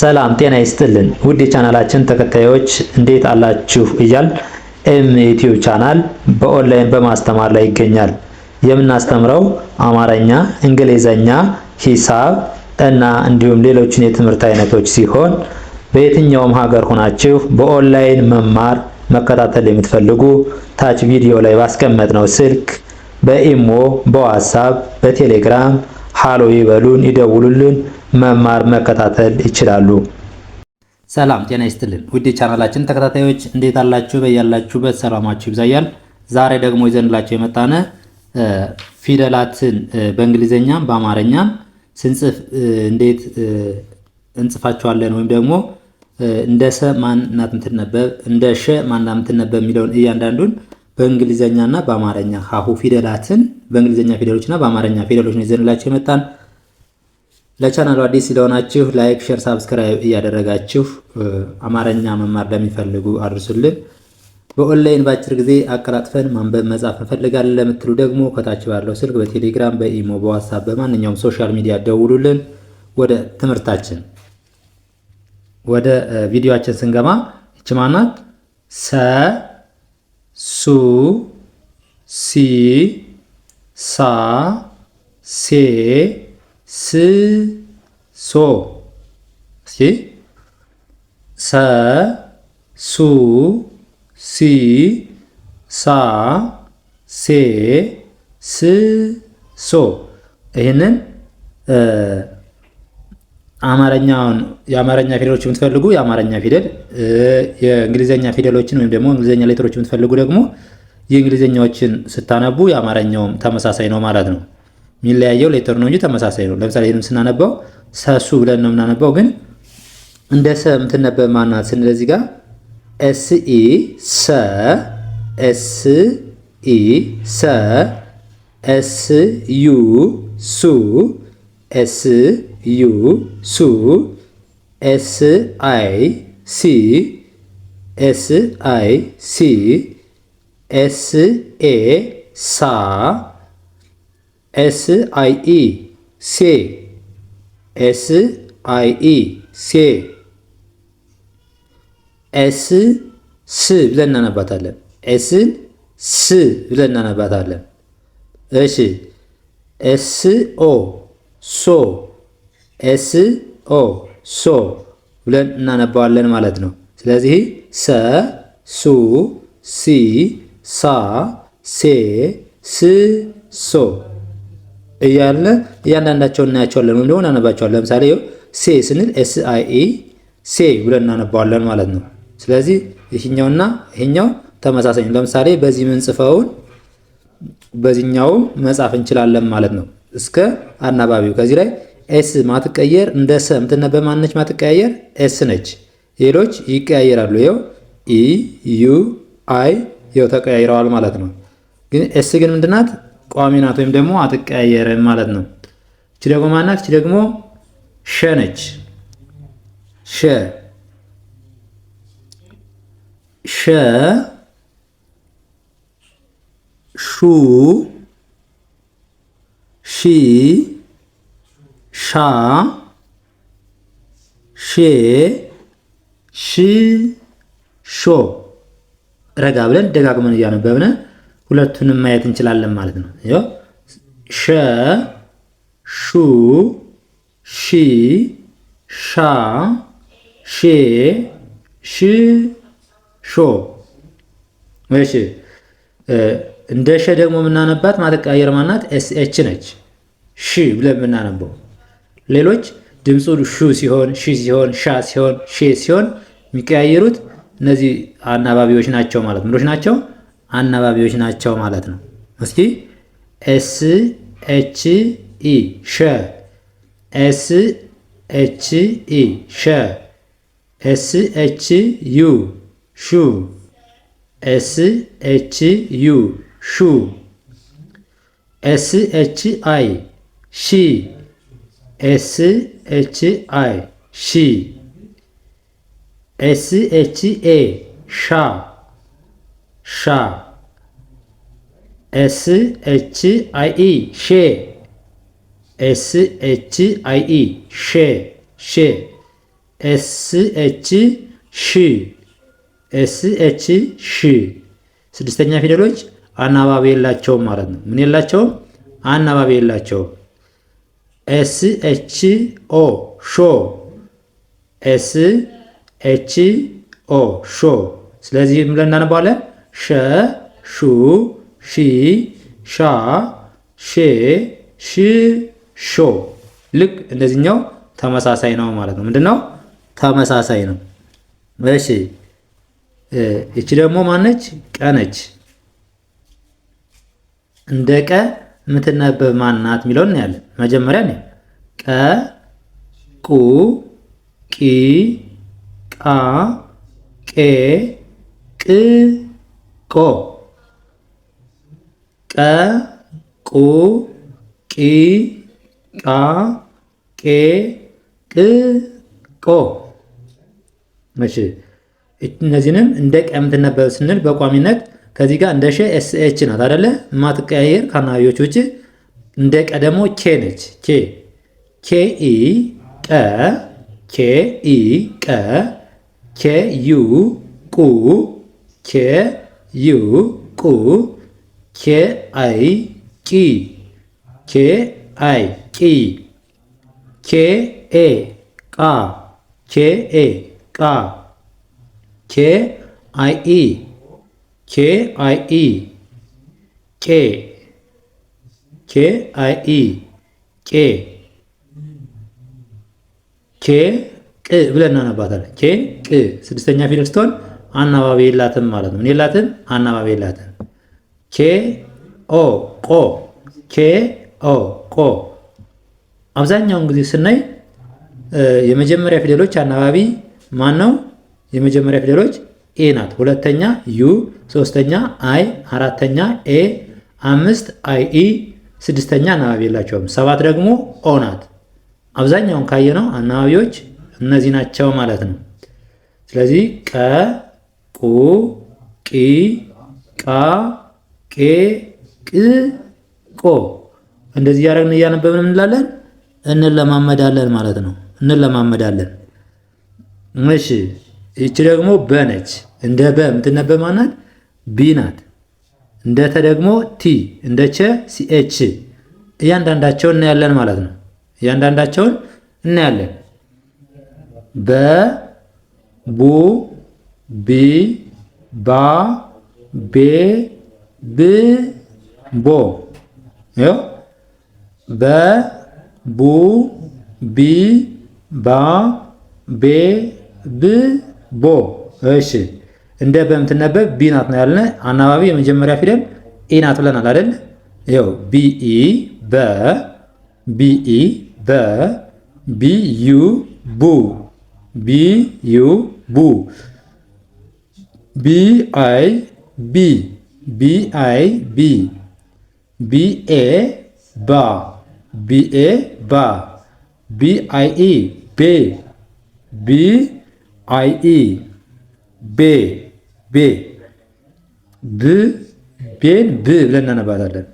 ሰላም ጤና ይስጥልን ውድ የቻናላችን ተከታዮች እንዴት አላችሁ? እያል ኤም ዩቲዩብ ቻናል በኦንላይን በማስተማር ላይ ይገኛል። የምናስተምረው አማርኛ፣ እንግሊዘኛ፣ ሂሳብ እና እንዲሁም ሌሎችን የትምህርት አይነቶች ሲሆን በየትኛውም ሀገር ሆናችሁ በኦንላይን መማር መከታተል የምትፈልጉ ታች ቪዲዮ ላይ ባስቀመጥ ነው ስልክ በኢሞ፣ በዋትሳፕ፣ በቴሌግራም ሃሎ ይበሉን፣ ይደውሉልን መማር መከታተል ይችላሉ። ሰላም ጤና ይስጥልን ውድ ቻናላችን ተከታታዮች እንዴት አላችሁ? በያላችሁበት ሰላማችሁ ይብዛያል። ዛሬ ደግሞ ይዘንላችሁ የመጣነ ፊደላትን በእንግሊዘኛም በአማርኛም ስንጽፍ እንዴት እንጽፋቸዋለን ወይም ደግሞ እንደ ሰ ማንና ምትነበብ እንደ ሸ ማንና ምትነበብ የሚለውን እያንዳንዱን በእንግሊዘኛና በአማርኛ ሀሁ ፊደላትን በእንግሊዘኛ ፊደሎችና በአማርኛ ፊደሎች ነው ይዘንላቸው የመጣን ለቻናሉ አዲስ ስለሆናችሁ ላይክ፣ ሼር፣ ሳብስክራይብ እያደረጋችሁ አማርኛ መማር ለሚፈልጉ አድርሱልን። በኦንላይን በአጭር ጊዜ አቀላጥፈን ማንበብ መጻፍ እንፈልጋለን ለምትሉ ደግሞ ከታች ባለው ስልክ በቴሌግራም በኢሞ በዋትሳፕ በማንኛውም ሶሻል ሚዲያ ደውሉልን። ወደ ትምህርታችን ወደ ቪዲዮአችን ስንገባ ይች ማናት ሰ ሱ ሲ ሳ ሴ ስሶ እስኪ ሰ ሱ ሲ ሳ ሴ ስ ሶ ይህንን አማርኛውን የአማርኛ ፊደሎች የምትፈልጉ የአማርኛ ፊደል የእንግሊዝኛ ፊደሎችን ወይም ደግሞ እንግሊዝኛ ሌተሮች የምትፈልጉ ደግሞ የእንግሊዝኛዎችን ስታነቡ የአማርኛውም ተመሳሳይ ነው ማለት ነው። የሚለያየው ሌተር ነው እንጂ ተመሳሳይ ነው። ለምሳሌ ይህንም ስናነበው ሰሱ ብለን ነው የምናነበው፣ ግን እንደ ሰ የምትነበብ ማናት ስንል እዚህ ጋር ኤስ ኢ ሰ ኤስ ኢ ሰ ኤስ ዩ ሱ ኤስ ዩ ሱ ኤስ አይ ሲ ኤስ አይ ሲ ኤስ ኤ ሳ ኤስ አይ ኢ ሴ ኤስ አይ ኢ ሴ ኤስ ስ ብለን እናነባታለን። ኤስ ስ ብለን እናነባታለን። እሺ ኤስ ኦ ሶ ኤስ ኦ ሶ ብለን እናነባዋለን ማለት ነው። ስለዚህ ሰ ሱ ሲ ሳ ሴ ስ ሶ እያለ እያንዳንዳቸው እናያቸዋለን ወይም ደግሞ እናነባቸዋለን። ለምሳሌ ሴ ስንል ኤስ አይ ሴ ብለን እናነባዋለን ማለት ነው። ስለዚህ ይህኛውና ይህኛው ተመሳሳይ ነው። ለምሳሌ በዚህ ምንጽፈውን በዚህኛው መጻፍ እንችላለን ማለት ነው። እስከ አናባቢው ከዚህ ላይ ኤስ ማትቀየር እንደ ሰ የምትነበብ ማነች? ማትቀያየር ኤስ ነች። ሌሎች ይቀያየራሉ። ይኸው ኢ ዩ አይ ይኸው ተቀያይረዋል ማለት ነው። ግን ኤስ ግን ምንድናት? ቋሚ ናት ወይም ደግሞ አትቀያየርም ማለት ነው። እቺ ደግሞ ማናት? እቺ ደግሞ ሸ ነች። ሸ ሸ ሹ ሺ ሻ ሼ ሺ ሾ ረጋ ብለን ደጋግመን እያነበብን ሁለቱንም ማየት እንችላለን ማለት ነው። ሸ፣ ሹ፣ ሺ፣ ሻ፣ ሼ፣ ሽ፣ ሾ። እሺ እንደ ሸ ደግሞ የምናነባት ማተቀያየር ማናት ኤስኤች ነች። ሺ ብለን የምናነበው ሌሎች ድምፁ ሹ ሲሆን፣ ሺ ሲሆን፣ ሻ ሲሆን፣ ሼ ሲሆን የሚቀያየሩት እነዚህ አናባቢዎች ናቸው ማለት ምዶች ናቸው። አናባቢዎች ናቸው ማለት ነው። እስኪ ኤስ ኤች ኢ ሸ ኤስ ኤች ኢ ሸ ኤስ ኤች ዩ ሹ ኤስ ኤች ዩ ሹ ኤስ ኤች አይ ሺ ኤስ ኤች አይ ሺ ኤስ ኤች ኤ ሻ ሻ ኤስ ኤች አይ ኢ ሼ ኤስ ኤች አይ ኢ ሼ ሼ ኤስ ኤች ሺ ኤስ ኤች ሺ ስድስተኛ ፊደሎች አናባቢ የላቸውም ማለት ነው። ምን የላቸውም? አናባቢ የላቸውም። ኤስ ኤች ኦ ሾ ኤስ ኤች ኦ ሾ። ስለዚህ ብለን እናነባዋለን ሸ ሹ ሺ፣ ሻ፣ ሼ፣ ሽ፣ ሾ። ልክ እንደዚህኛው ተመሳሳይ ነው ማለት ነው። ምንድነው? ተመሳሳይ ነው። እሺ ይቺ ደግሞ ማነች? ቀነች። እንደ ቀ የምትነበብ ማናት የሚለውን እናያለን። መጀመሪያ ነው ቀ፣ ቁ፣ ቂ፣ ቃ፣ ቄ፣ ቅ፣ ቆ ቀ ቁ ቂ ቃ ቄ ቅ ቆ። እሺ እነዚህንም እንደ ቀ የምትነበብ ስንል በቋሚነት ከዚህ ጋር እንደ ሸ ኤስ ኤች ናት አደለ ማትቀያየር ከአናባቢዎች ውጭ። እንደ ቀ ደግሞ ኬ ነች። ኬ ኬ ኢ ቀ ኬ ኢ ቀ ኬ ዩ ቁ ኬ ዩ ቁ K-I ki K-I ki K-E ka K-E ka K-I-E K-I-E K K-I-E K ኬ ቅ ብለን እናነባታለን። ኬ ቅ ስድስተኛ ፊደል ስትሆን አናባቢ የላትም ማለት ነው። ምን የላትም? አናባቢ የላትም። ኬ ኦ ቆ ኬ ኦ ቆ አብዛኛውን ጊዜ ስናይ የመጀመሪያ ፊደሎች አናባቢ ማን ነው? የመጀመሪያ ፊደሎች ኤ ናት። ሁለተኛ ዩ፣ ሶስተኛ አይ፣ አራተኛ ኤ፣ አምስት አይ ኢ፣ ስድስተኛ አናባቢ የላቸውም። ሰባት ደግሞ ኦ ናት። አብዛኛውን ካየነው አናባቢዎች እነዚህ ናቸው ማለት ነው። ስለዚህ ቀ፣ ቁ፣ ቂ፣ ቃ ቄ ቅ ቆ እንደዚህ እያደረግን እያነበብን እንላለን እንለማመዳለን ማለት ነው። እንለማመዳለን። እሺ ይቺ ደግሞ በነች እንደ በ የምትነበብ ማናት? ቢ ናት። እንደ ተ ደግሞ ቲ፣ እንደ ቸ ሲኤች። እያንዳንዳቸውን እናያለን ማለት ነው። እያንዳንዳቸውን እናያለን። በ ቡ ቢ ባ ቤ ብቦ ቦ በ ቡ ቢ ባ ቤ ብ ቦ። እሺ እንደ በምትነበብ ቢ ናት ነው ያልነ። አናባቢ የመጀመሪያ ፊደል ኢ ናት ብለናል አይደል? ይኸው ቢኢ በ ቢኢ በ ዩ ቡ ዩ ቡ አይ ቢ ቢአይ ቢ ቢኤ ኤ ባ ቢ ባ ቢ ኢ ቤ ቢ ኢ ቤ ቤ ብ ቤን ብ ብለን እናነባታለን።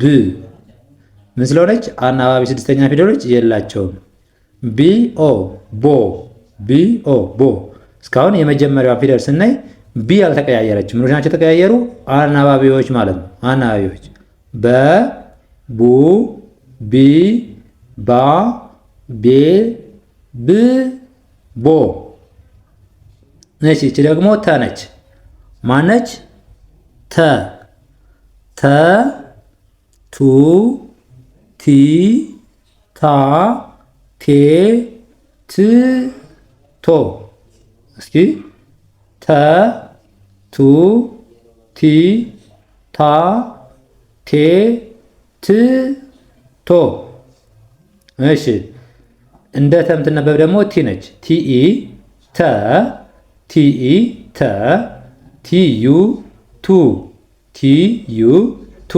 ብ ምን ስለሆነች አናባቢ ስድስተኛ ፊደሎች የላቸውም። ቢ ቦ ቢ ቦ እስካሁን የመጀመሪያዋ ፊደል ስናይ ቢ አልተቀያየረችም። ምኖች ናቸው የተቀያየሩ? አናባቢዎች ማለት ነው። አናባቢዎች በ፣ ቡ፣ ቢ፣ ባ፣ ቤ፣ ብ፣ ቦ ነች። ይቺ ደግሞ ተ ነች። ማነች? ተ ተ ቱ ቲ ታ ቴ ት ቶ እስኪ ተ ቱ ቲ ታ ቴ ት ቶ። እሺ እንደ ተ ምትነበብ ደግሞ ቲ ነች። ቲኢ ተ ቲኢ ተ ቲዩ ቱ ቲዩ ቱ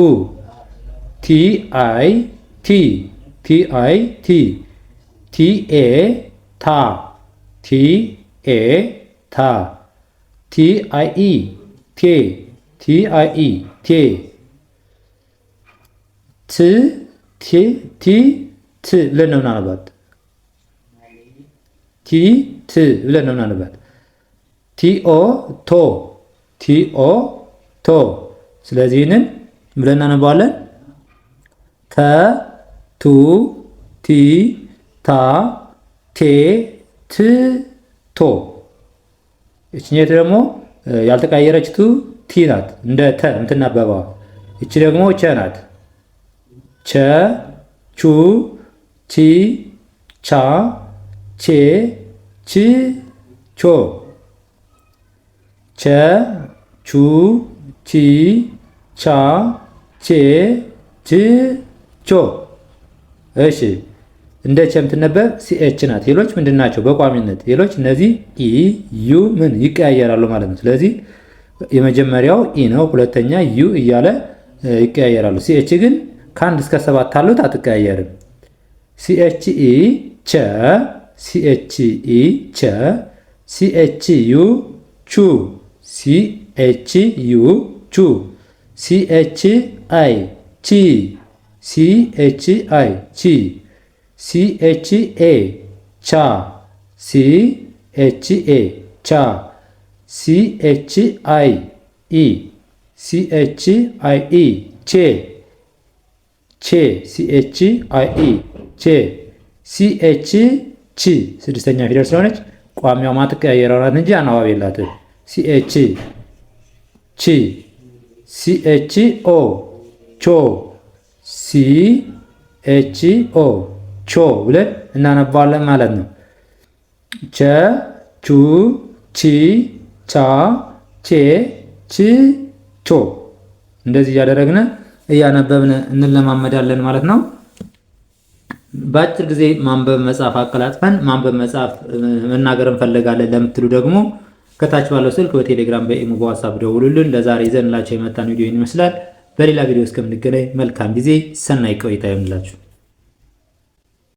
ቲ አይ ቲ ቲአይ ቲ ቲኤ ታ ቲ ኤ ታ ቲአይኢ ቴ ቲአይኢ ቴ ት ቲ ቲ ት ብለን ነው ምናነባት። ቲ ት ብለን ነው ምናነባት። ቲኦ ቶ ቲኦ ቶ ስለዚህ ብለን እናነባዋለን። ተ ቱ ቲ ታ ቴ ት ቶ እችኛይቱ ደግሞ ያልተቀየረችቱ ቲ ናት፣ እንደ ተ የምትናበበዋ። እቺ ደግሞ ቸ ናት። ቸ ቹ ቺ ቻ ቼ ቺ ቾ ቸ ቹ ቺ ቻ ቼ ቺ ቾ። እሺ እንደ ቸ የምትነበብ ሲኤች ናት። ሌሎች ምንድን ናቸው? በቋሚነት ሌሎች እነዚህ ኢ ዩ ምን ይቀያየራሉ ማለት ነው። ስለዚህ የመጀመሪያው ኢ ነው፣ ሁለተኛ ዩ እያለ ይቀያየራሉ። ሲኤች ግን ከአንድ እስከ ሰባት አሉት አትቀያየርም። ሲኤች ኢ ቸ፣ ሲኤች ኢ ቸ፣ ሲኤች ዩ ቹ፣ ሲኤች ዩ ቹ፣ ሲኤች አይ ቺ፣ ሲኤች አይ ቺ ሲኤች ኤ ቻ ሲኤችኤ ቻ ሲኤች አይ ኢ ሲኤችአይ ኢ ቼ ቼ ሲኤችአይ ኢ e ቼ ሲኤች ቺ ስድስተኛ ፊደል ስለሆነች ቋሚዋ ማትቀያየረው ናት እንጂ አናባቢ የላትም። ሲኤች ቺ ሲኤች ኦ ቾ ሲኤች ኦ ቾ ብለን እናነባዋለን ማለት ነው። ቸ፣ ቹ፣ ቺ፣ ቻ፣ ቼ፣ ቺ፣ ቾ እንደዚህ እያደረግን እያነበብን እንለማመዳለን ማለት ነው። በአጭር ጊዜ ማንበብ መጻፍ አቀላጥፈን ማንበብ መጻፍ መናገር እንፈልጋለን ለምትሉ ደግሞ ከታች ባለው ስልክ በቴሌግራም በኢሞ በዋትሳፕ ደውሉልን። ለዛሬ ይዘንላቸው የመጣን ቪዲዮ ይመስላል። በሌላ ቪዲዮ እስከምንገናኝ መልካም ጊዜ፣ ሰናይ ቆይታ